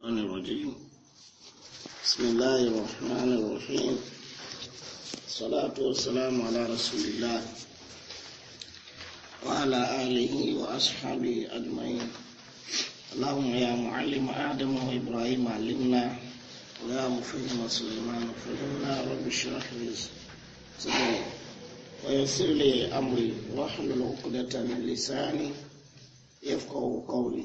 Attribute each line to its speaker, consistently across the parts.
Speaker 1: الشيطان الرجيم بسم الله الرحمن الرحيم الصلاة والسلام على رسول الله وعلى آله وأصحابه أجمعين اللهم يا معلم آدم وإبراهيم علمنا ويا مفهم سليمان فهمنا رب اشرح لي صدري ويسر لي أمري واحلل عقدة من لساني يفقه قولي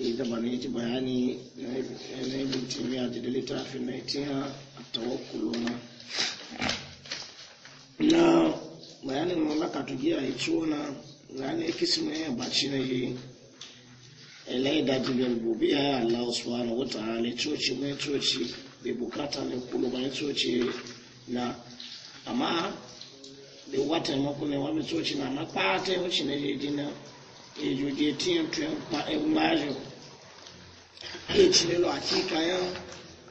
Speaker 1: idan ya ci bayani na ibn timiya da littafin na itiya a tawakkuluna na bayanin mulaka tugiya ya ci wana ranar kisima ya baci na yi ilai eh, da jibin bubi ya Allah subhanahu wa ta'ala coci mai coci bai bukata ne kulu bayan coci na amma da wata makon ne wani coci na na kpata ya wuce na jejina ejo de tin tun mkpa emajo echile lo akika ya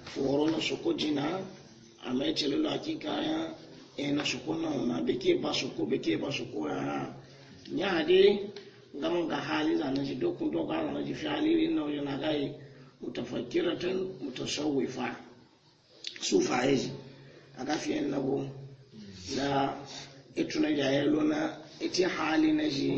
Speaker 1: foro na soko na, ama echile lo akika ya na soko na na bekee ba soko beke ba soko ya uh, nya de ngam ga hali alịza na ji dokun do ga na ji hali na yo na gai mutafakiratan mutasawwifa sufa eji aga fi na bo la etuna ya yelo na eti hali na ji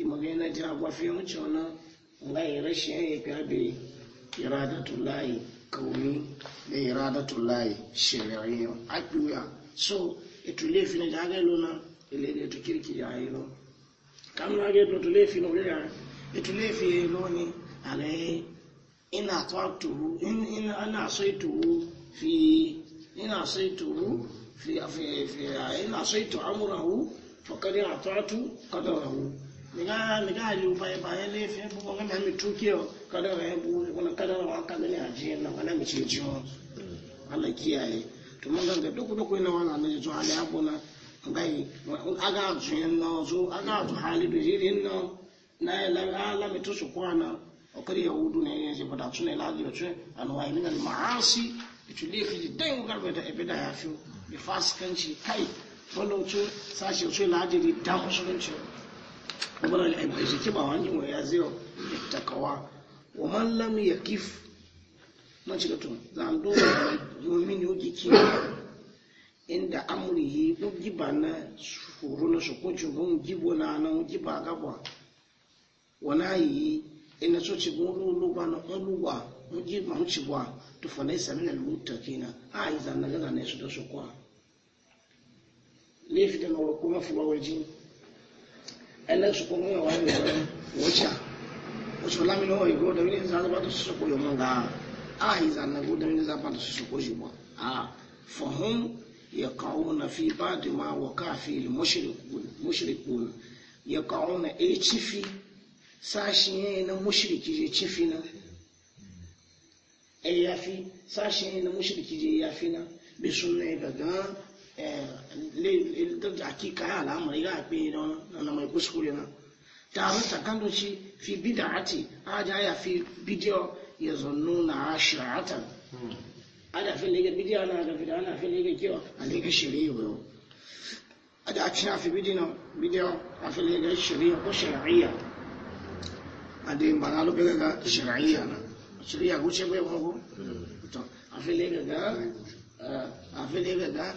Speaker 1: kimagai na jagwafi wancan nan rashin ya fi iradatullahi kauni da iradatullahi
Speaker 2: shari'iyya
Speaker 1: akiya so ito lefi na jaga ilo na ito kirki ya yi lo kan na ga ito na wuri ito lefi ya ina so fi ina so tuhu fi fi ina so amurahu fakari nikaaliu paipaelefe buko kama mitukio kadara hebu kuna kadara wakamene ajina kana michinjio mm. ala kiyaye to mun ganga duk duk ina wala ne to ala abuna ngai aga jinna zo aga to hali birin no na la ala mitusu kwana okari yahudu ne ne ba da e, sunne la ji bace anwa min al maasi ituli fi den garbe da ibada ya fi bi fasikanci kai wallo ce sashi ce la ji da musulunci ibn al-ibris kiba wani wa yaziyo takawa wa man ya yakif man shiga to zan do mu'mini uji kiwa inda amrihi duk giba na shuru na shukunci gun gibo na nan giba gaba wana yi ina so ci gun lulu ba na oluwa mun ji ma ci gwa to fa ne sanin al mutakina a yi zan na ga ne su da su kwa lefi da na kuma fulawaji ẹlẹ́sùn kó mú ìwà ìwà wọ́ṣà wọ́ṣà lámìnà wọ̀ ìgò dẹ̀mí ní sáà bàtú sọ̀sọ̀ kó yọmọ gà á ìzà nàgó dẹ̀mí ní sáà bàtú sọ̀sọ̀ kó yọmọ á fọ̀hún yẹ̀kọ̀ọ́ na fi báàdì máa wọ̀ káàfin ìlú mọ́ṣirikùn yẹ̀kọ̀ọ́ na èyí chífì na e Eh, le al'amari ga pe don na mai kuskure na taron takan shi fi ah, eh, fi bidiyo ya na ashiratan ada fi lege bidiyo na ga bidiyo na fi lege kiyo a lege shari'a yau ada a cina fi bidiyo bidiyo a fi lege shari'a ko shari'a a da yin bana lokacin ga shari'a na shari'a guce bai wani a fi lege ga a fi daga da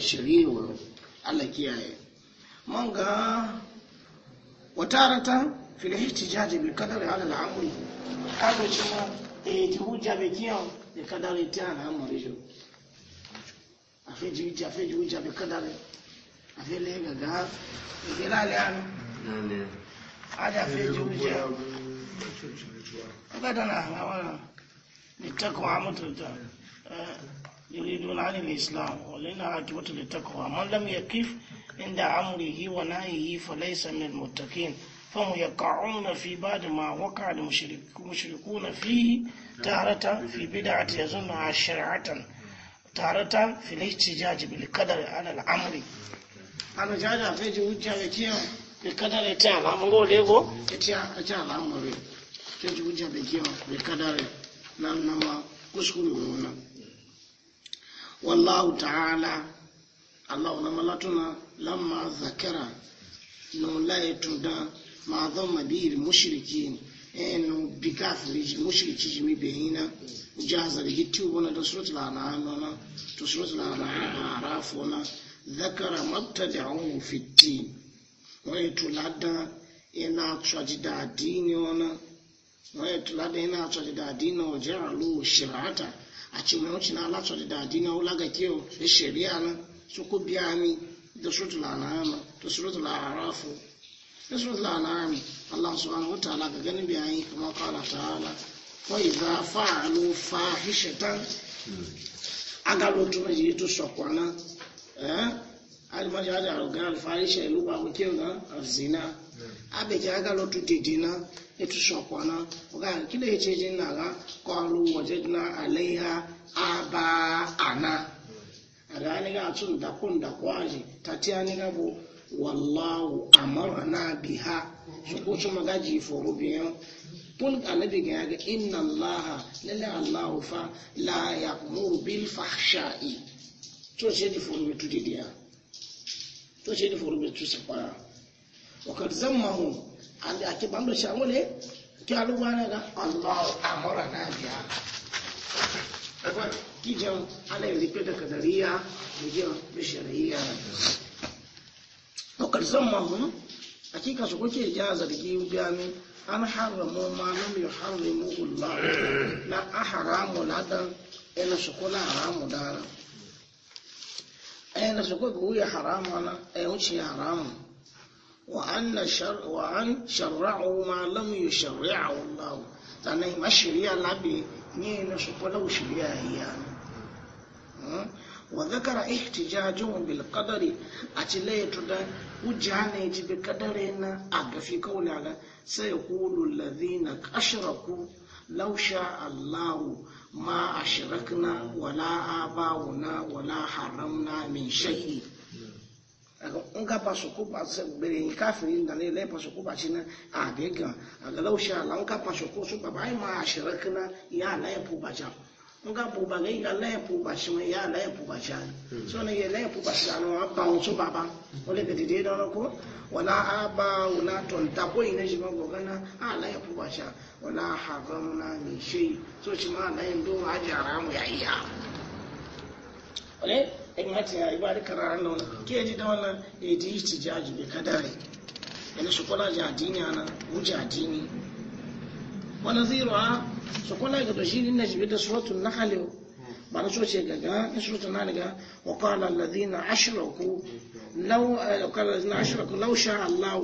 Speaker 1: shari'a wa Allah kiyaye man ga wataratan fil ihtijaj bil qadar ala al amri kazo cewa eh ti hujja be kiyan da kadari ta na amri a fi ji hujja fi ji hujja kadari a fi ga ga gira
Speaker 2: le ada fi ji hujja
Speaker 1: kada na hawa ni takwa mutunta eh, يريدون عن الإسلام ولنا عاقبة للتقوى من لم يقف عند أمره ونهيه فليس من المتقين فهم يقعون في بعد ما وقع المشركون فيه تارة في بدعة يظنها شرعة تارة في الاحتجاج بالقدر على الأمر أنا جاد في جهود يتيا بالقدر يتعال الأمر ليغو يتعال يتيا الأمر يتيا وجه بالقدر نعم نعم كسكولونا wallahu ta'ala allahu na malatuna lamma zakara nulaye da ma zama biyar mushiriki enu eh, bikafiri mushiriki jimi bayina jazar gitu wani da suratul an'am na to suratul an'am arafu na zakara mabtada'u fi din wai tulada ina da dini ona wai tulada ina tsajida dini wajen ja'alu shir'ata a ci na alatsar da adina na biya mi da surutu la'anama da surutu la'arafu da surutu la'anami allah subhanahu wa ta'ala ga ganin biyayi kama kala ta'ala wa idza fa'alu fahishatan to yi to sokwana eh alimani ada ga alfahisha ilu ba na itusha kwana ga kila ya ce jin na ga kwaru waje na alaiha aba ana a ga ni ga tun da kun da kwaji ta tiya ni ga bu wallahu na biha su ko su magaji foro biyan kun annabi ya ga inna allaha lalla allahu fa la ya'muru bil fahsha'i to ce di foro tu di dia to ce di foro tu sakwara wa kad zammahu ande ake bando shangole ke alugwana ga Allah amara na biya akwai kijin ana yi da kadariya da jiya da shari'a to ma mahun hakika su kuke ja zargi gami an haramu ma lam yuharrimu Allah la ahramu ladan ina su kula haramu dara ina su kuke wuya haramu ya wuce e haramu wa'an sharra'u ma lam yi shari'a wallahu ta na yi mashirya labi ne na su kwalau shirya iya wa zakara ihtijajin bil qadari a ci laitu da hujja ne ji bi kadare na a gafi kawai ga sai kulu lazi na kashiraku lausha allahu ma a shirakna wala abawuna wala haramna min shahi nga pasokupa gbere yi obere da ne lai pasokupa ci na a gaggan a ga laushe ala nga pasoko su ba ma a na ya lai puba ja nga puba ga ya puba ma ya lai puba ja so ne ya lai puba shi ana ba mu su baba ko wala aba wala ton ta ko ina shi ma a lai puba sha wala haramna ni shi so shi ma ndo ya iya in hati ya ibadi kararan da wannan ke ji da wannan ya eh, ji ci jaji bai kadare yana su kula addini ana wuce addini wani zira su kula ga da shiri ne na jibi da suratun na halewa ba na soce gaga in surta na daga wa qala alladhina ashraku law eh, qala alladhina ashraku law sha Allah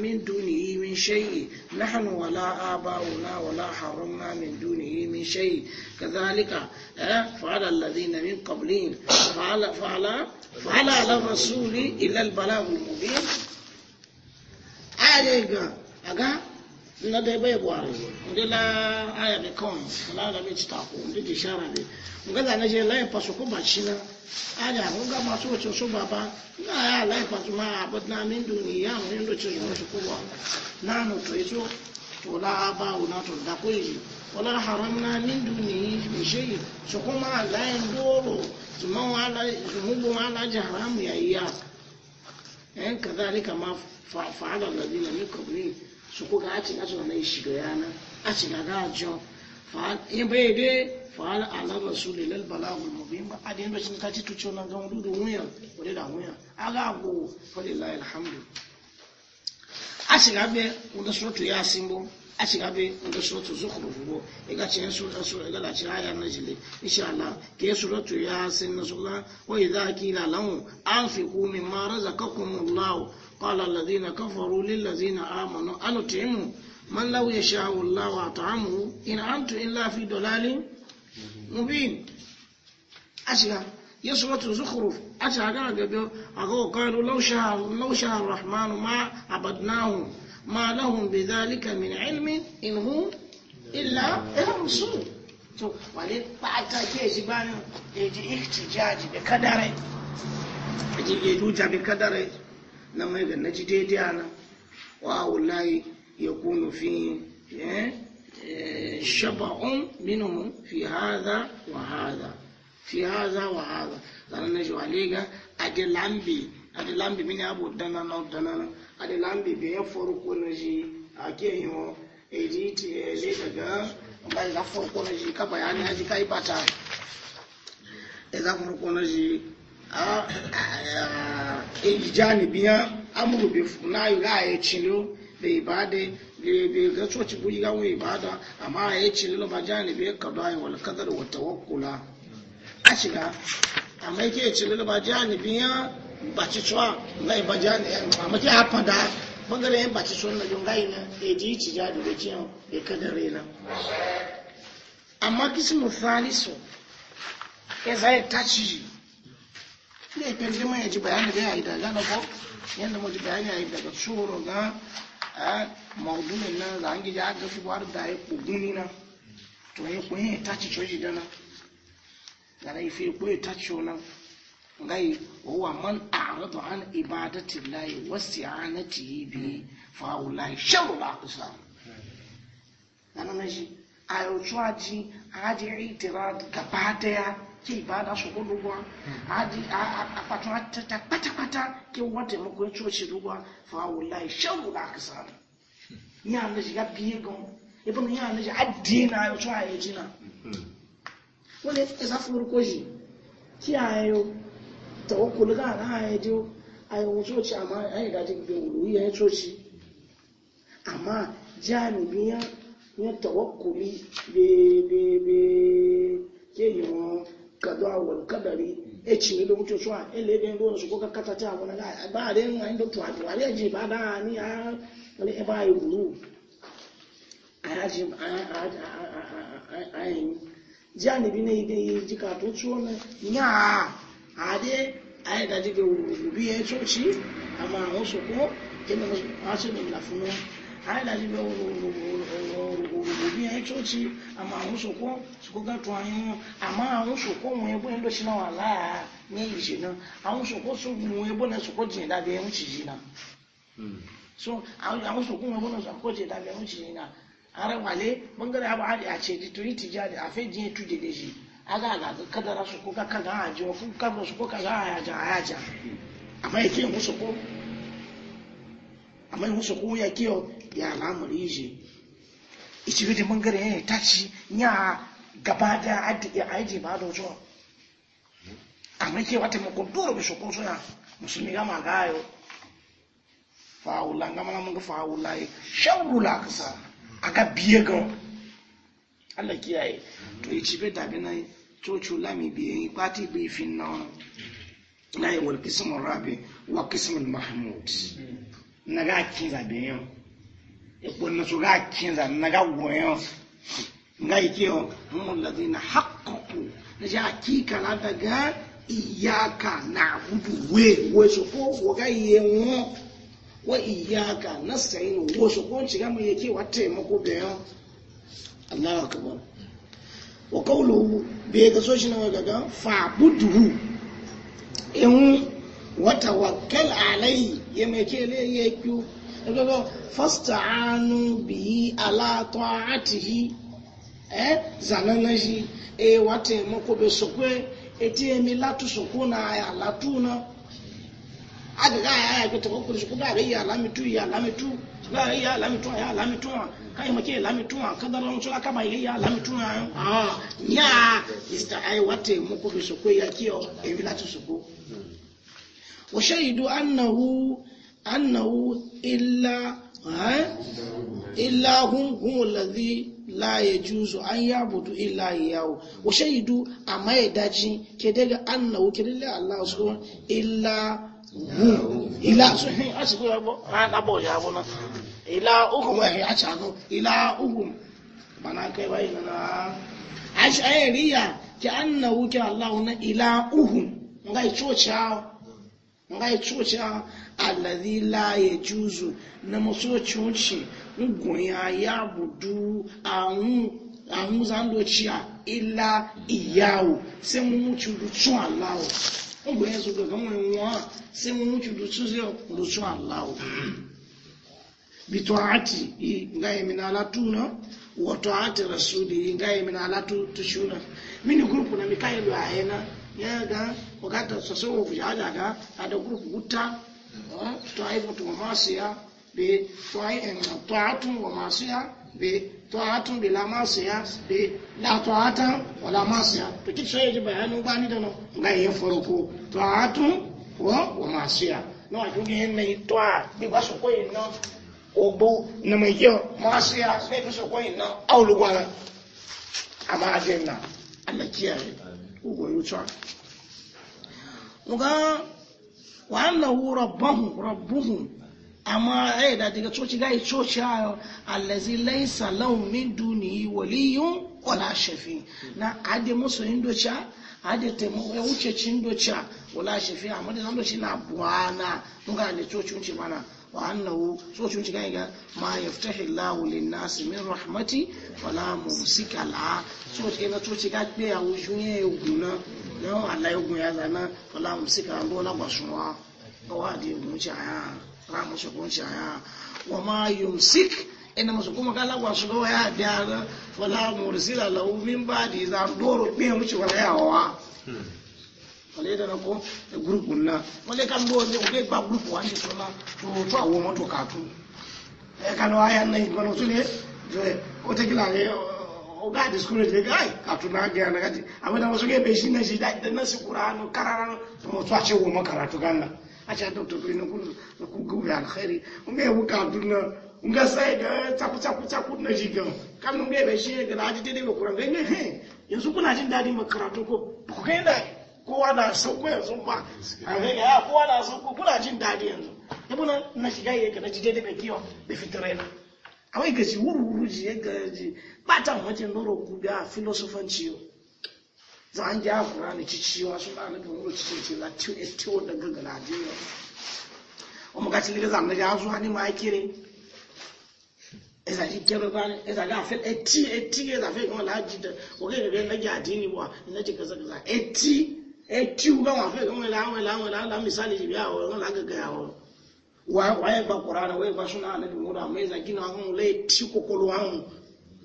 Speaker 1: min dunihi min shay wala abauna wala haramna min dunihi min shay kadhalika eh, fa'ala alladhina min qablihim fa'ala rasuli illa bala balagh al na dai bai buhari ndị la aya mi ndị na ga mi ndị ko ndi ti shara na je lai pasu na aya ko ga ma so so ndị baba na aya lai na min duni ya min do ci ndị na no to la na una to ma ya iya en ma fa'ala alladhina su ko ga ci ga na shi ga yana a ci ga ga jo fa in bai de fa ala rasul lil balagul mubin ba adin ba shin ka ci tucho nan ga wudu wuya wudu da wuya aga go fa lillahi alhamdu a ci ga be wanda suratu yasin bo a ci gabe da suratu zukhruf bo iga ci yan sura sura iga la ci aya na jile insha Allah ke suratu yasin na sura wa idha qila lahum anfiqu mimma razaqakum Allah قال الذين كفروا للذين آمنوا أن أطعموا من لو يشاء الله أطعمه إن أنتم إلا في ضلال مبين أشياء يسوة زخرف أشياء قال قالوا لو شاء لو شاء الرحمن ما عبدناه ما لهم بذلك من علم إن هم إلا يرمسون to wale ba a take shi ba ne ya ji ihtijaji bi kadare ya ji ya duja bi kadare na mai ga naji daidai ana wa wallahi ya kunu fi eh, eh, shaba'un minhum fi hadha wa hadha fi hadha wa hadha dan na ji waliga ade lambi ade lambi min abu dana na dana ade lambi be farko na ji ake yiwo editi ele daga bai ga farko na ji ka bayani haji kai bata e za farko na ji eji biya amuru bi funayu ga ya cilo da ibade bai ga coci buji ga wani ibada amma ya cilo ba janibiyan ka da wal kadar wa tawakkula a shiga amma ke cilo ba janibiyan ba ci cuwa na iba janibiyan amma ke hafa da bangare yin ba ci cuwa na yungayi e e na eji ci jadi da ciyan ya kadare na amma kisimu thalisu ya e zai tashi ne pende ma yaji bayani da yi da gana ko yanda mu ji bayani yayi daga suro ga a maudumin nan za an gi ya ga kuwar da ya kuguni na to ya kuyi ta ci coji da na gara ife kuyi ta ci o na ngai huwa man a'radu an ibadati llahi wasi'anati bi fa ulai sharru al-aqsam a maji ayo chuaji aji itirad gaba daya ke ibada su gudu gwa hmm. a fatan e hmm. e e hmm. ta kwata-kwata ke wata makon coci ruwa fawo ya shan guda aka samu ya na ya biye gan ibn ya na shiga ya tsuwa ya jina wani ya zafi wurko shi kiyaye yau tawakkul ga na ya je a yi wucoci amma ya yi dajin bin wuri ya yi coci amma jami'in ya tawakkuli be be ke yi wọn kaza wal kadari e chini do mtu swa ele den do so ka kata ta wona ga ba re ji ba da ni a ale e ba yu buru a ji a a a a bi ne ide ji ka to nya a de a da ji ke bi e so ama o so ko ke ma la hailali bɛ rububiyɛ coci ama ahun soko soko ka tun anyi mu ama ahun soko ŋun ye bonye dosi na wala nye yizi na ahun soko so ŋun ye bonye soko jin da bɛ ŋun ci yi na so ahun soko ŋun ye bonye soko jin da bɛ ŋun ci yi na ara wale bangare abu hadi a ce to yi tijari a fɛ jin tu de de ji aga ga kadara soko ka kaga a ji wa kuka ba soko ka ga a yaja a yaja amma yake yin soko amma yin soko ya kiyo ya al'amari shi ichi gidi mangare ya ta ci ya gaba da addi ya aiji ba da wajen amma ke wata makon dole bi shokun suna musulmi gama gayo fa'ula gama mun ga fa'ula ya shawula kasa ga biye ga Allah kiyaye to ichi bai dabi na cocu lami biye kwati bai fin na wani na yi wal kismin rabi wa kismin mahmud na ga kin zabe yau يقول نسوغا كينزا نغا ويو ngai kiyo mun ladina haqqaqu naja hakika na daga iyaka na'budu we we so ko wo ga yenwo wa iyaka ko shiga mu yake wata mako da yo Allahu akbar ga so shi na wa tawakkal alayhi ya ẹgbẹ́gbẹ́ fọ́sítà ánú bí i aláàtọ̀ àti yìí ẹ́ zànánà yìí ẹ wà tẹ̀ mọ́ kó bẹ sọ etí ẹ̀mí látú sọ̀kú náà àyà látú náà agàgà àyà àyà gbẹ̀tẹ̀ kó kúrò sọ̀kú gáà rẹ̀ yà lámìtú yà lámìtú gáà yà lámìtú àyà hàn káyọ̀ mọ̀kẹ́ lámìtú hàn kádàrà hàn yà ìsìtà àyà wà yà kí ọ ẹ̀mí látú sọ̀kú. annahu annahu illa illa hum hum alladhi la yajuzu an yabudu illa wa shahidu amma ya daji ke daga annahu ke lillahi allah subhanahu illa ila suhin asibu yabo ana bo na ila ukum wa ya chano ila ukum mana kai bai na ke annahu ke allah na ila uhum ngai chocha ngai chocha alladhi la yajuzu na masocin shi gunya ya budu ahun zandoci a illa iyawo sai mun wuce rutsun allahu ọgbọ̀n yẹn sọ̀rọ̀ kan wọ́n wọ́n sai mun wuce rutsun zai rutsun allahu ati ga yi min alatu na wato rasuli ga yi alatu tushuna mini gurupu na mikaelu a yana ya ga ogata sassan wofu ya ga ada gurupu wuta tutaibu masia bi taatu eh, wa masia bi taatu bila masia bi la taata wala masia tuki sai ji bayanu bani da no ngai ya faruku taatu wa wa masia no a tuki hinne toa bi baso ko yin no obo na mai yo masia sai ku so ko yin no au lu gwara ama ajenna ana kiyaye ugo yuta muga wa annahu rabbuhum rabbuhum amma ai da daga coci gai coci ayo allazi laysa lahum min dunihi waliyyun wala shafi na adi musu indocha ade te mu wuce e cin docha wala shafi amma da nan doci na buwana mun ga ne coci unci mana wa annahu coci unci gai ga ma yaftahi Allahu lin-nas min rahmati wala mumsika la coci na coci ga pe awujun nan Allah ya gunya zana fala musika an bola basuwa ga wadi gunci aya ra musu gunci aya wa ma yumsik ina musu kuma kala wa su ga ya da fala mursila lahu min ba'di za doro be mu yawa wale da ko gurupu na wale kan do ne ke ba gurupu wa ni sola to to eh, wa o oga discourage ga ai ka tuna ga na gaji amma da wasu gebe shi ne shi da idan nasu qur'anu kararan mu tsace wo makaratu ganga a ce ku ku gura alkhairi mun ga wuka dunna mun ga sai ga tsaku tsaku tsaku na ji ga kan mun gebe shi ga da ji dai ga ganye he yanzu kuna jin dadin makaratu ko ku da kowa na sauko yanzu ba a ga ya kowa na sauko kuna jin daɗi yanzu na shiga yake na ji ga da àwọn ìkèsì wúrúwúrú jì é gẹ̀rẹ̀ jì pátá wọn ti lọ́rọ̀ kú bí a fílọ́sọ́fẹ́ ti o za an ja kura ni cici wa sun da nufin wuri cici ce la tiwo da gagala jiyo o mu gaci liga zan daga zuwa ni ma kire eza ji kero ba ne eza ga fe eti eti eza fe ko la ji da o ga ga na ga dini wa na ji kaza kaza eti eti u ga wa fe ko la wa la wa la misali ji biya waye gba kurana waye gba suna anabi muda mai zagi na hun lai ti kokolo hun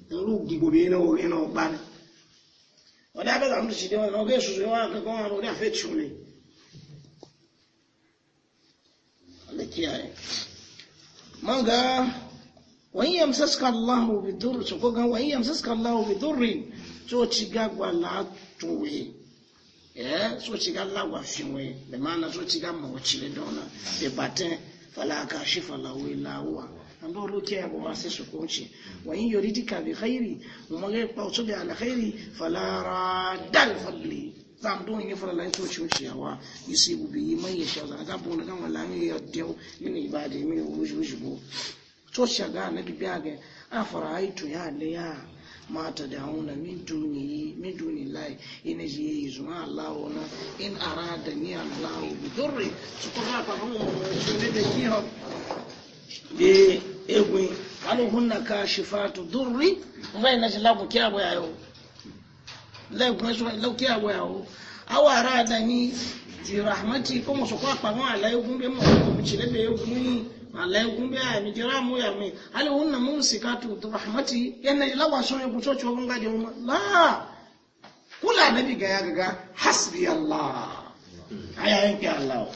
Speaker 1: in lu gibo be na ori na ba na wada ga zamu shi da na ga su zuwa ka ga wani da fe chu ne Allah kiyaye man ga wani yamsaska Allah bi durr so ko ga wani yamsaska Allah bi durr so ci ga gwa la tuwe eh so ci ga la gwa finwe be mana so ci ga mo ci le dona be patin falaka shifa lahu illa huwa ando lo ke abu wase su kunci wa in yuridika bi khairi mu magai pautu bi ala khairi falara dal fadli zam don yi fara lai to ci ciyawa yusibu bi man yasha za ga bu ga wala mi yaddu min ibadi mi wujuju to shaga na bibiya ga afara aitu ya le ya mata da hauna min duni lai ina ji ya yi zuwa Allah ona in da ni Allah bi durri su kuma ba ba mu ne da ki ho de egwe alu hunna kashifatu durri vai na jila ku kya boya yo lai ku so lau kya boya awara da ni zi rahmati ko muso ko afa mo ala ye gumbe mo ko mi chile be gumi ala ye gumbe a mi jira mo ya mi hali wunna mun sikatu rahmati yana ila wa so ye kuto cho gonga de mo la kula nabi ga ya ga hasbi allah aya yanke allah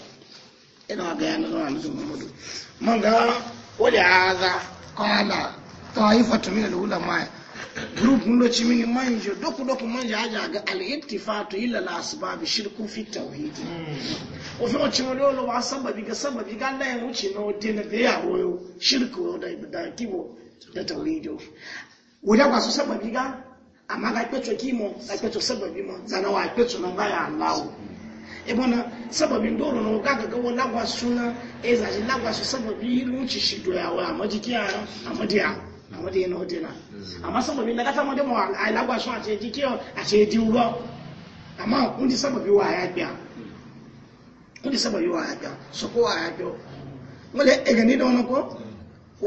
Speaker 1: ina ga hadha qala ta'ifatu min al-ulama group ndo ci mini manjo doku doku manjo haja ga al-ittifatu illa al-asbab shirku fi tawhid hmm. o fi ochi mo lolo ba sababi ga sababi ga Allah ya wuce no na da ya woyo shirku da da kibo da tawhid wuda kwa sababi ga amma ga peto kimo ga peto sababi mo zana wa peto na ba ya Allah e bona sababi ndoro no ga ga wala kwa na e za ji sababi yi ci shi do ya wa amma jikiya amma dia àwọn dènà ó dènà àmọ́ sábàbí lágátà mọ́dé mọ́ àìlágbàṣọ́ àti ẹjí kí àti ẹjí wọ́ àmọ́ ń di sábàbí wà áyá gbà ń di wà áyá sọ́kọ́ wà áyá wọ́n lé ẹ̀gẹ̀ nínú ọ̀nà kọ́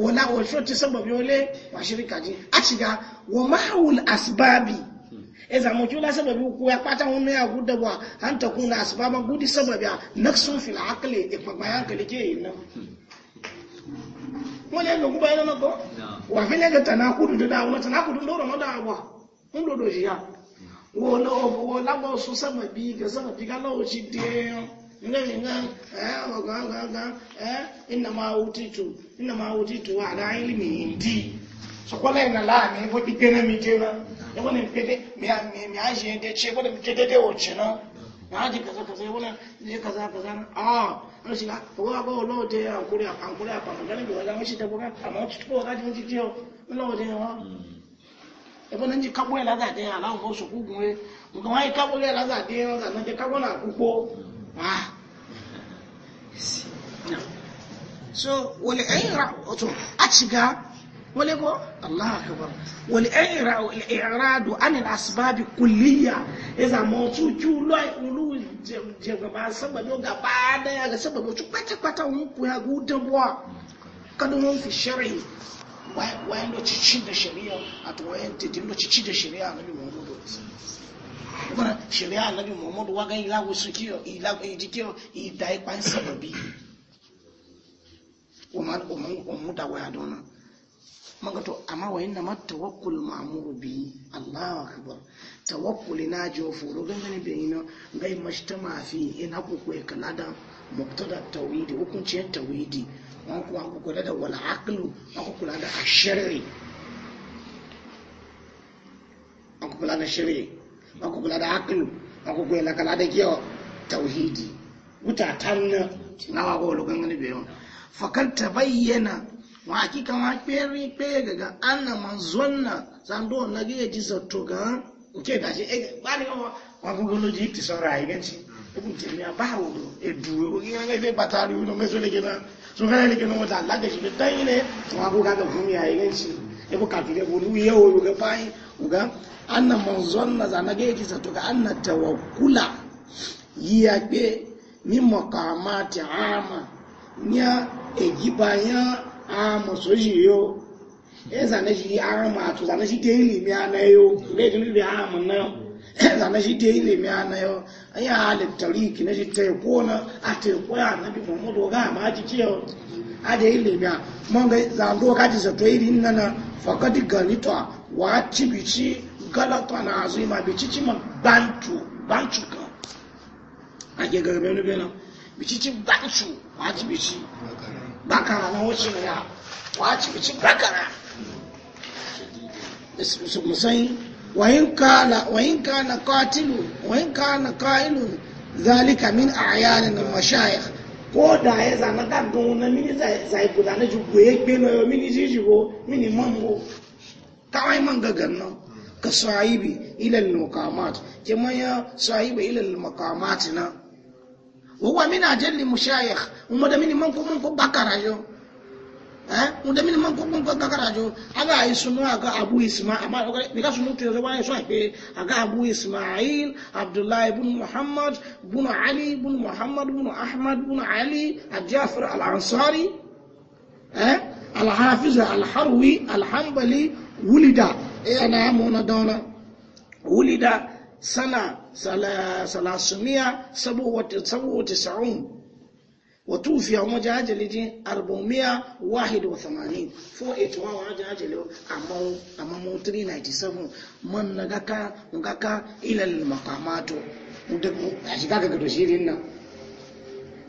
Speaker 1: wọ́n lá wọ́n ti sábàbí wọ́n lé wà ṣírí kàjí àṣìgá wọ́n máa wùl àṣìbáàbì ẹ zàmù kí ó kú ya pátá wọn náà à fìlà ákìlẹ̀ èyí náà wọ́n lé wafele ga kudu da dawo tanakudu ndoro mo dawo ndo do jiya wo lo wo la mo su sama bi ga sama bi ga lo shi de nga nga eh wa ga ga ga eh inna ma utitu inna ala ilmi indi so kola ina la mi bo mi na e wona mi pede mi a mi mi a je de che mi de de o che na na ji wọ́n ga owó abọ́ ọlọ́ọ̀dẹ àkúrẹ́ àkúrẹ́ àpapọ̀ ra wale ko Allah akbar wal i'radu an al asbab kulliya iza mo tu ju lo ulu ga sababu tu kwata manga to amma wa inna mat tawakkul ma'muru bi Allahu akbar tawakkuli na jo furo gangane be ina ngai mashtama fi ina ku ku da mubtada tawhid hukunci tawhid an ku an ku kula da wal aqlu an ku kula da ashari an ku kula da shari'i an ku kula da aqlu an ku da kala da kiyo tauhidi wuta tan na wa go lugan ne be yon fakar ta bayyana wa hakika wa peri pega ga anna manzonna zando na ga ji zato ga nke da shi e ba ni wa wa gogolo ji ti sora ai ga ci ibu ti mi abawo do e duwe o ga ga fe batari uno meso le gena so ga le gena mo ta la ga shi ta ine to wa ga ga fumi ai ga ci e bu ka ti ga bu lu ye o ga pai u ga anna manzonna za na ga yaji zato ga anna tawakkula yi ya pe ni makamati ama nya ejibayan a masu shi yo ya zane shi a mato zane shi ta yi limi ana yo bai jini bi a mun na zane shi ta yi limi ana yo an yi halittari ki na shi ta yi na a ta yi koya na bi muhammadu ga ma ji ce yau a da yi limi a man ga zando ka ji sato yi rin nana fakadi a wa ci bici galata na azima bici chi ma bantu bantu kan a ke garbe nube na bici ci bantu wa ci bici bakara na wuce ne ya wace bici bakara musayi wayin kana wayin kana qatilu wayin kana qailun zalika min a'yanin wa shayikh ko da ya zama ka na mini zai guda na ju goye gbe no mini jijibo mini mambo kawai man gagan nan ka sahibi ila al-maqamat ke manya sahibi ila al-maqamat na wa min ajalli mushayikh umada mini manko manko bakara yo eh umada mini manko manko bakara yo aga isunu aga abu isma ama nika sunu te zo bana so pe aga abu ismail abdullah ibn muhammad ibn ali ibn muhammad ibn ahmad ibn ali al-jafr al-ansari eh al-hafiz al-harwi al-hanbali wulida ana mona dawla wulida سنة ثلاثمائة سبعة وتسعون وتوفي ومجا هجلي 481 481 ومجا هجلي أمو أمو 397 من نغاكا نغاكا إلى المقامات أشيكا كدو شيرين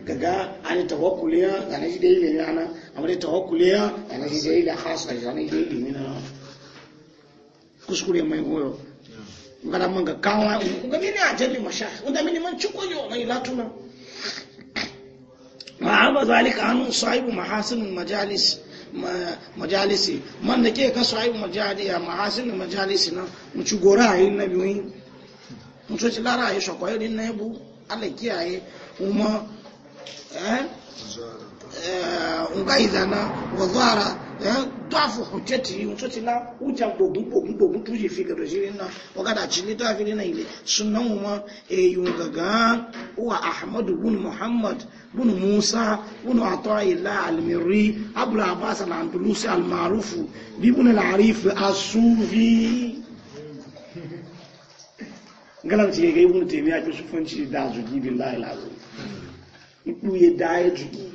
Speaker 1: gaga an tawakkuliya da na shi da أنا ana amma da tawakkuliya da na shi da ilimi hasa da na shi da ilimi na kuskure mai goyo manga kawa ngamini ajali mashah unda mini man chukoyo na ma'aba zalika hannun sahibu mahasinin majalis majalisi man da ke ka sahibu majaliya mahasinin majalisi na muci gora a yi na biyu mutu ci lara a yi na yabu ala kiyaye kuma eh wa zara dɔfo hujjati muso na wujan gbogun gbogun gbogun tuji fi gado shi na wakada ci ni ta fi na ile sunan kuma e yun gaga wa ahmadu bunu muhammad bunu musa bunu ata'ila almirri abul abu al-andalusi al-marufu bi bin al-arif as-sufi galam ci ga ibn taymiya ki sufanci da zugi billahi lazim ibu ya da ya zugi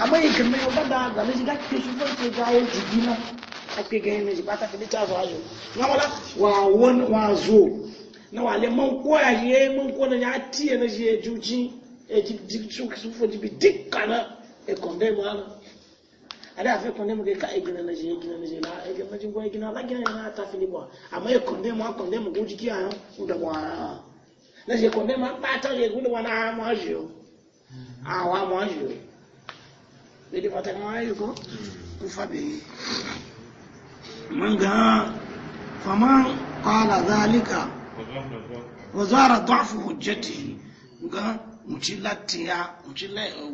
Speaker 1: amma yi kirme yau ba da zane shi gaki shi zai ce ga yin jiki na ake ga na shi ba ta fili ta zuwa shi na wala wa wani wa zo na wale man koya shi ya yi man kona ya tiye na shi ya juji ya ji su fo jibi dikka na e konde mu ala ada afe konde mu ka igina na shi ya gina na shi la igina na shi ya gina la gina na ta fili ba amma ya konde mu konde mu ko jiki a uda mu ala na shi konde mu ba ta je gudu wana mu ajiyo awa mu ajiyo zai da fata kama yi ko ku faɗe yi man ga faman kwala zalika wa zara dafu hujjati ga muci latiya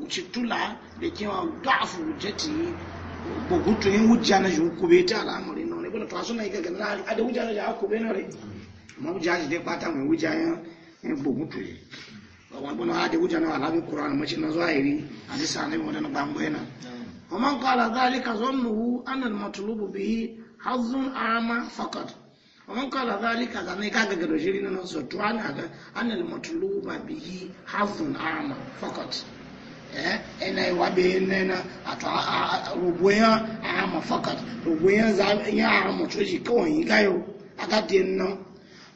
Speaker 1: ci tula da kewa dafu hujjati bugutu yin hujja na shi hukube ta al'amarin nan ne kuna fasu na yi gagana na hada hujja na shi hukube na rai amma hujja shi dai fata mai hujja yin bugutu yi. wọn bọ́nà á dé wújà náà alábí kúrò àwọn mace na zahiri a ní sa anábi wadana gbangbo yana wọn man kọ́ aláàlì ka zọ́n nuhu annal matulubu bi hazun ama fakat wọn man kọ́ aláàlì ka zane ka gaga da shiri na nasu to ana ga annal matulubu ba bi yi hazun ama ina yi wabe yana na ama fakat rubuwa ya ama coci kawai yi gayo a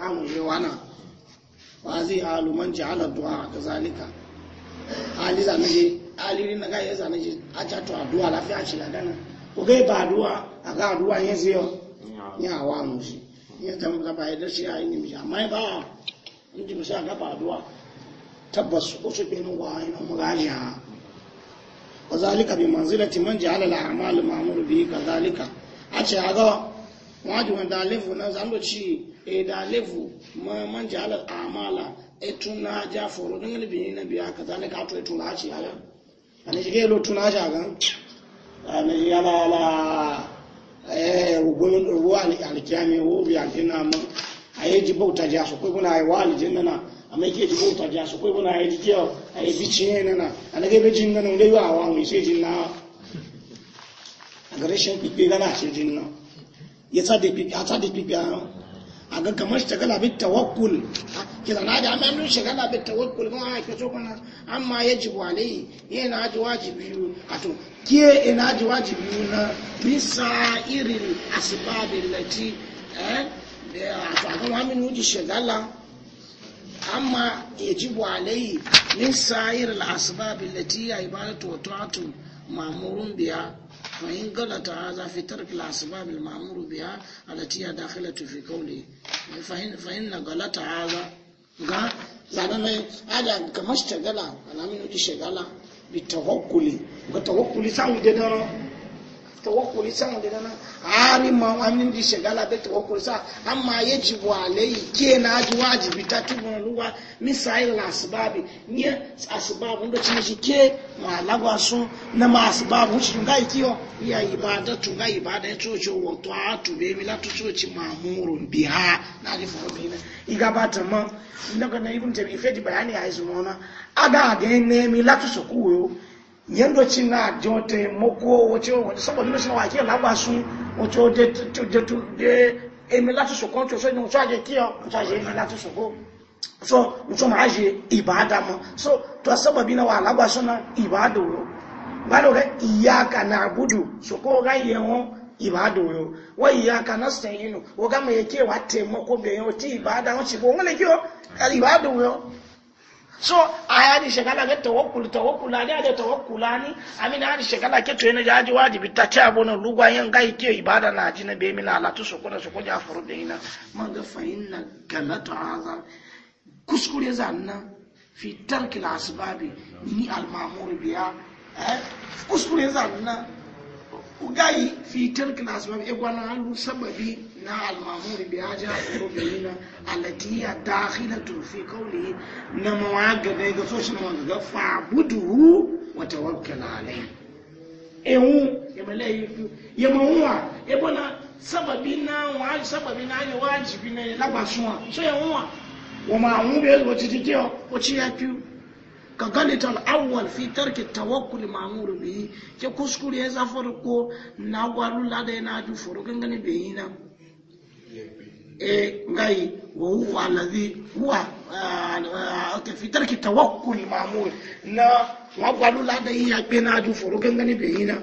Speaker 1: kamun yi wana ba zai ji ala duwa a kazalika hali zanaje alirin na gaya zanaje a jato aduwa lafiya shi ladana ko gai ba aduwa a ga aduwa yin ziyo ya wa mu shi ya zama gaba ya dashi a yi ne mishi amma ba in ji mishi a gaba aduwa tabbas ko su benin wa yi na mugaji a? wa zalika bi manzilati man jihala al'amal ma'mur bi kazalika a ce a ga wajen wanda alifu na ci. da levu ma man jala amala etun na ja foro dan ne bi na biya ka zane ka to etun laci ya ga ani shige lo tun aja ga ani yala la, eh ugun ruwali alkiyami wo bi na ma ayi jibo ta ja so ko kuna ayi wali jinnana amma yake jibo ta ja so ko kuna ayi jiyo ayi bicin nana ani ke be jinna no lewa wa mu sai na. agression pipi gana sai na. ya tsade pipi a tsade pipi a aga kamar shagala bi tawakkul ki na da amma shagala bi tawakkul kuma a ke so kana amma yajibu alai yana ji wajibi ato ke ina ji wajibi na bisa irin asbab lati eh da ga wa min wuji shagala amma yajibu alai min sa'ir al asbab allati ibadatu wa ta'atu ma'murun biya فإن غلط هذا في ترك الأسباب المأمور بها التي هي داخلة في قوله فإن, فإن غلط هذا zanen ada kamar shagala alamin uji shagala bi tawakkuli ga tawakkuli tawakkuli san da nan ari ma wani di shagala be tawakkuli sa amma yajibu alayhi kenan ji wajibi ta tubun ruwa misail asbabi ni asbabu ndo cin shi ke ma lagwa su na ma asbabu shi ga kiyo ya ibada tu ga ibada ya cocho wa ta'atu be mi la tu coci ma'murun ha na ji fobi na iga bata ma ndo ga na ibn tabi fe di bayani ya izu mona aga ga ne mi la tu yando ci na jote moko wote wote sabo ni sina wakia la basu wote de de de emi láti sokon to so ni wote aje ki o wote aje ni láti soko so wote ma aje ibada mo so to sabo bi na wa la basu na ibada wo balo re iyaka na abudu soko ga ye won ibada wo wa iyaka na stain wo ga me ke wa te moko be yo ti ibada won ti bo won le ki o ibada wo so aya ni shagala ga tawakkul tawakkul ani ada tawakkul ani amina ani shagala ke to yana jaji wajibi ta ta abona lugwa yan ga ke ibada na ji na be min alatu su kuna su kuja furu da ina man ga fa inna ta aza kuskure zanna fi tarki al asbabi ni al mamur biya eh, kuskure zanna ugayi fi tarki al asbabi e gwanan alu sababi na almamuri bi haji hasu rubayina allati ya dakhilatu fi qawli na mawaga dai ga soshin mawaga ga fa'buduhu wa tawakkal alayhi ewu yamalai yamawa ebona sababi na wa sababi na ni wajibi na lagbasunwa so yamawa wa ma'amu bi wa titikiyo ko ci ya fiu ka galita al'awwal fi tarki tawakkul ma'muru bihi ke kuskure ya zafarko na gwalu lada yana ju furu gangane bayina e ngai ah, wa huwa alladhi huwa fitar ki tawakkul ma'mul na wa lada la da iya pe na ju foro gangane be yi na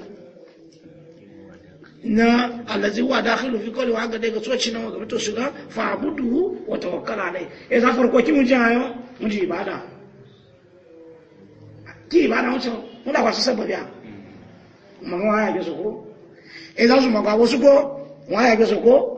Speaker 1: Na alazi huwa dakhilu fi qawli wa ga daga soci na ga to shiga fa wa tawakkal alai e za farko ki mun ji ayo mun ji ibada ki ibada mun ci da kwasu sababi a mun ga ya su ko e za su maga su ko wa ya ga su ko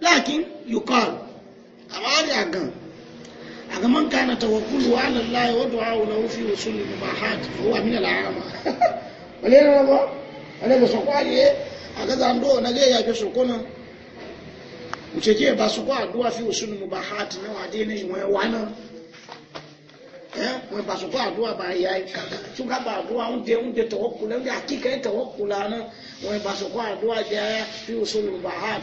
Speaker 1: lakin yuqal amma wani a a ga man kana tawakkulu ala Allah wa du'a'u lahu fi usul mubahat fa huwa min al'ama wale na ba wale ba so kwaye a ga zando na ga ya ke so kona uce ke ba su kwa du'a fi usul mubahat na wade ne wani wani wọn baso fún àdúrà ba ya ka tún ká ba àdúrà ń de ń de tọwọ́ kula ń de àkíkẹ́ tọwọ́ kula náà wọn baso fún àdúrà jẹ́ fi òṣèlú bahad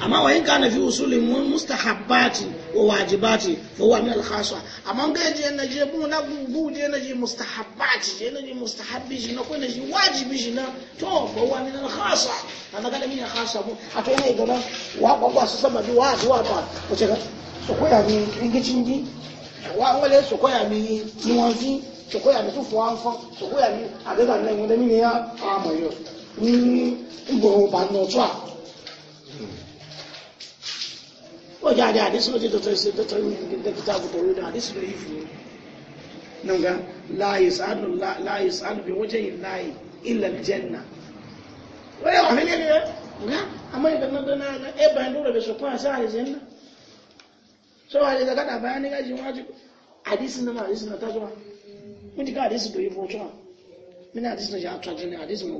Speaker 1: amma wa in kana fi usulin mustahabbati wa wajibati fa huwa min al-khassa amma ga je na je bu na bu je na je mustahabbati je na je mustahabbi je na ko na je wajibi je na to fa huwa min al-khassa ana ga min al-khassa bu a to ne ga wa ba ba su sama bi wa wa ba ko ce ga so ko ya ni ingicin ji wa wale so ko ya mi ni won fi so ko ya mi tu fo an fo so ko ya mi a ga ga na mo da mi ne ya a mo yo ni bo ba no twa wajen hadi hadisi wajen da da kitabu ta wuda hadisi da yi nan ga layi yasalu la wajen yin layi illa wai ga amma na eh, e ban da so da hadisi na ma hadisi na mun hadisi da hadisi na hadisi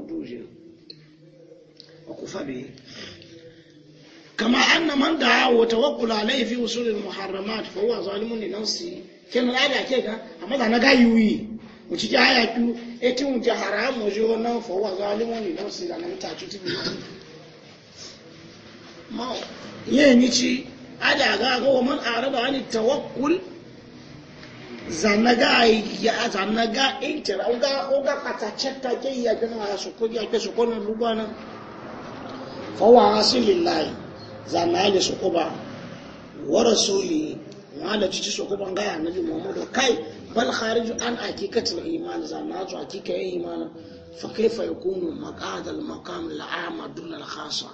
Speaker 1: kuma man da wa tawakkul laifi fi muharramat fa huwa zalimun li nafsi ken na da ke ga amma da na ga yuyi mu ci aya ku eti ja haram mu jo na fa huwa zalimun li nafsi da nan ta ma ye ni ci ada ga ga wa man arada an tawakkul zanaga ya zanaga inta ga ga kata chatta ke ya su ko ya ke su ko na lugana fa wa asilillahi zamaye sokoba wa rasuli wala cici sokoba ga annabi muhammadu kai bal khariju an hakikatul iman zamazu hakika ya iman fa kaifa yakunu maqad al maqam al am dun al khasa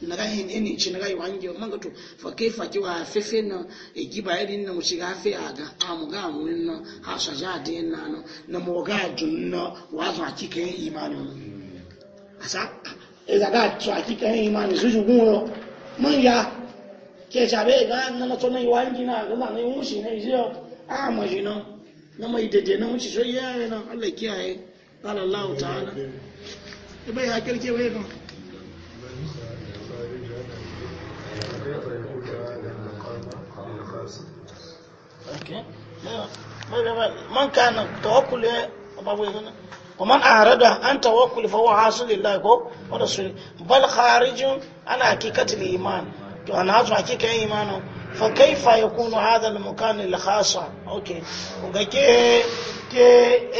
Speaker 1: naga hin eni ci naga wange manga to fa kaifa ki wa fefe na e giba irin na mushi ga fe aga amuga mun na hasa jade na no na moga junna wa zo hakika ya iman asa e daga to hakika ya iman su jugun ya ke shabe ga na mato na iwa na ga na yi mushi na izo a maji na na mai dade na mushi so iya ya na Allah kiyaye qala Allah ta'ala e, bai ya kirke bai ga man kana tawakkul babu yana ومن أعرض عن توكل فهو عاصي لله ورسوله بل خارج Ali hakikati liya Iman, kibana watsu hakika iya Iman? Fa kaifayu kunu haza na mukana na khafza. Ok, nga ke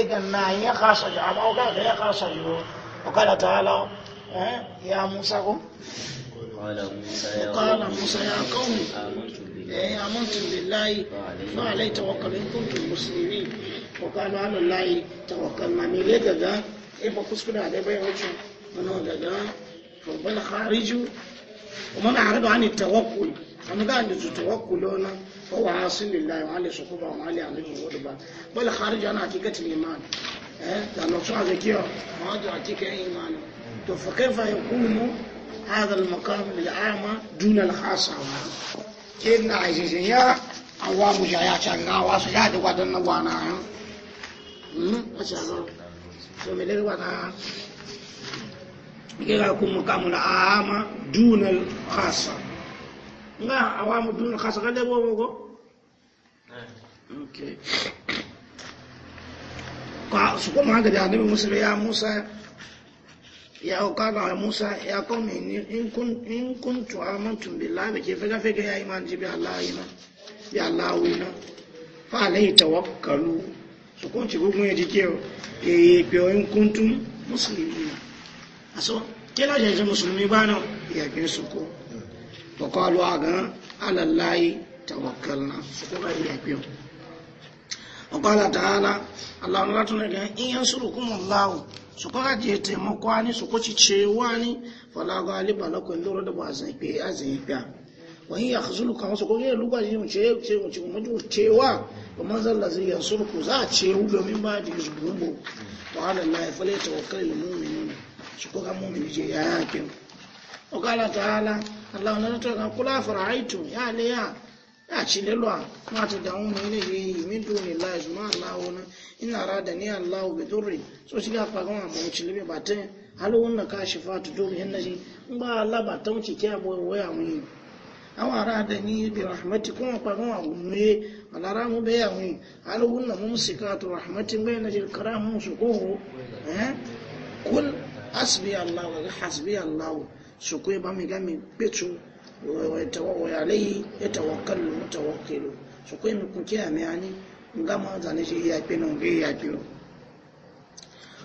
Speaker 1: ega na ina khafza jira? Amma ko kaka ina khafza jira, ko kala ya musaku? Ko ala musa ya kauni? Eh Amadu biyallayi, ba halayi ta hukadu ya kunjja musulmi. ala halayi ta hukadu, na daga, ina ma kuskure ake baiwa juna? Kuna oga ومن خارجه ومن أعرض عن التوكل أنا قاعد التوكل هنا فهو عاصم لله وعلي صحبه وعلي عمله وربا بل خارج عن عتيقة الإيمان لأنه صعد كيو ما عتيقة إيمان فكيف يكون هذا المقام للعامة دون الخاصة كيف عايزين يا أوام جايا شغا واسجاد ودنا وانا هم أشغل سمي لي ها ila kun mukamul ahama dunal khasa nga awamu dunal khasa kada debo go okay ka su kuma ga da annabi musa ya musa ya kala musa ya kome in kun in kuntu amantum billahi ba ke fega fega ya iman ji bi allah ina bi allah ina fa alai tawakkalu su ko ci gugu ya ji ke eh bi in kuntum muslimina aso kila jeje musulmi no ya ke su ko to ko alwa ga ala llahi tawakkalna su ko ba ya ke o qala ta'ala allah na tuna ga in yansurukum allah su ko ga je te mo ko ani su ko ci ce wa ni fala galiba lakum lura da ba zai ke azin ya wa hiya khazuluka su ko ga ba ji mu ce ce mu ce mu cewa kuma zalla zai yansurku za a ce domin ba da yusbubu wa ala llahi falyatawakkalul mu'minun sokoga mumini je yake o taala allah to ga kula faraitu ya le ya ya chilelwa ma ta da mu ne je min duni la isma allah ona ina rada ni allah bi durri so shiga fa ga chilebe bate halu ji in ba allah ba ta wuce ke abuwa waya mu awa rada ni bi rahmati kuma fa ga mu ne alara mu be ya mu halu karamu eh? hasbi Allah wa hasbi Allah su kuwa ba mu gami pitu wa alayhi ya tawakkalu mutawakkilu su kuwa mu kunke a mayani ngama zane shi ya fi nan ga ya fi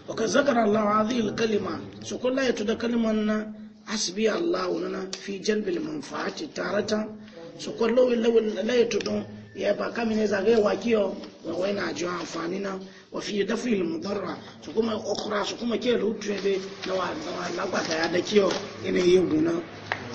Speaker 1: wa ka zakara Allah a zai kalima su kula ya tuda kalman na hasbi Allah wa fi jalbil manfaati tarata su kula ya tuda ya ba kamine zagaye wakiyo wa wai na ji amfani na wafi dafi mudarra su kuma okra su kuma ke lutu be na wa lagwata ya da kiyo ina yi guna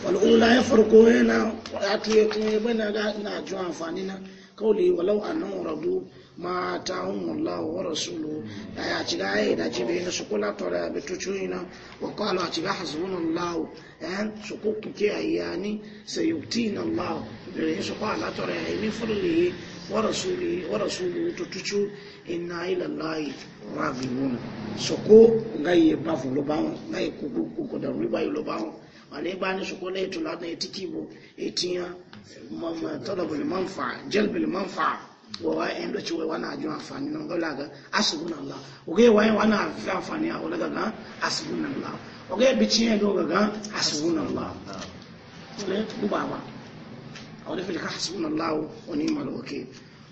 Speaker 1: wal'ula ya farko yana ya tuye tuye ya bana da ina ji amfani na kawai walau a nan radu ma ta Allah wa rasulu da ya ci da ya dace bai na sukula tora ya bitu na, wa kwalo a ci da hasbun Allah yan su kuku ke ayyani sai yukti na lawa, da ya su kwala tora ya yi min furli wa rasulu wa rasulu tutucu inna ila lahi rajiun soko ngai ba fu lo bawo ngai kuku ku ko da riba lo bawo ale ba ni soko le to la na etiki bo etiya mama talab al manfa jalb al manfa wa wa en do chiwe wana ju afani no ngola ga asbuna allah oge wa wana afani a ola ga asbuna allah oge bichiye do ga asbuna allah le ku baba awle fil hasbuna allah wa ni'mal wakeel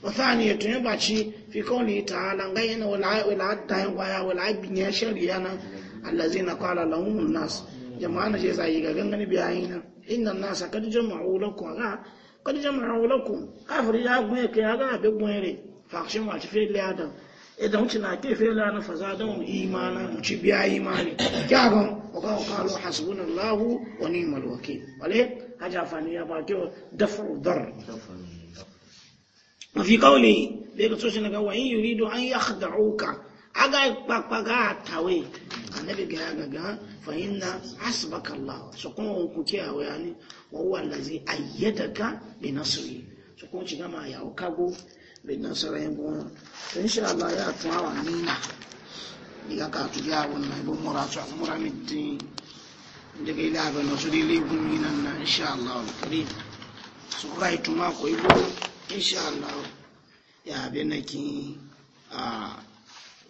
Speaker 1: وثانية يباشي في قوله تعالى غينا ولا ولا عدين ويا ولا بنيا شريانا الذين قال لهم الناس جمعنا جزا يغنغن بيعينا إن الناس قد جمعوا لكم قد جمعوا لكم كافر يا غويك يا غابي غويري فاخشم واتفي لي آدم إذا هم تنا كيف لا فزادهم إيمانا وشي بيا إيماني كابهم وقالوا حسبنا الله ونعم الوكيل وليه هجا فاني يا باكيو دفع ضر دفع
Speaker 2: fi kauli
Speaker 1: bai ka toshe naga yuri don an yi akhda'uka aga kpakpaga tawe annabi ga gaga fa inna hasbaka Allah so kun ku ke awe ani wa huwa allazi ayyadaka bi nasri so kun ci gama kago bi nasri ngo insha Allah ya tawa ni diga ka tu ya wannan bu muratu muramitti daga ila ga nasri li guminan insha Allah karim so kai tuma ko ibo insha Allah ya abin na kin a ah,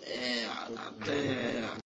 Speaker 1: eh, ah, ah, eh,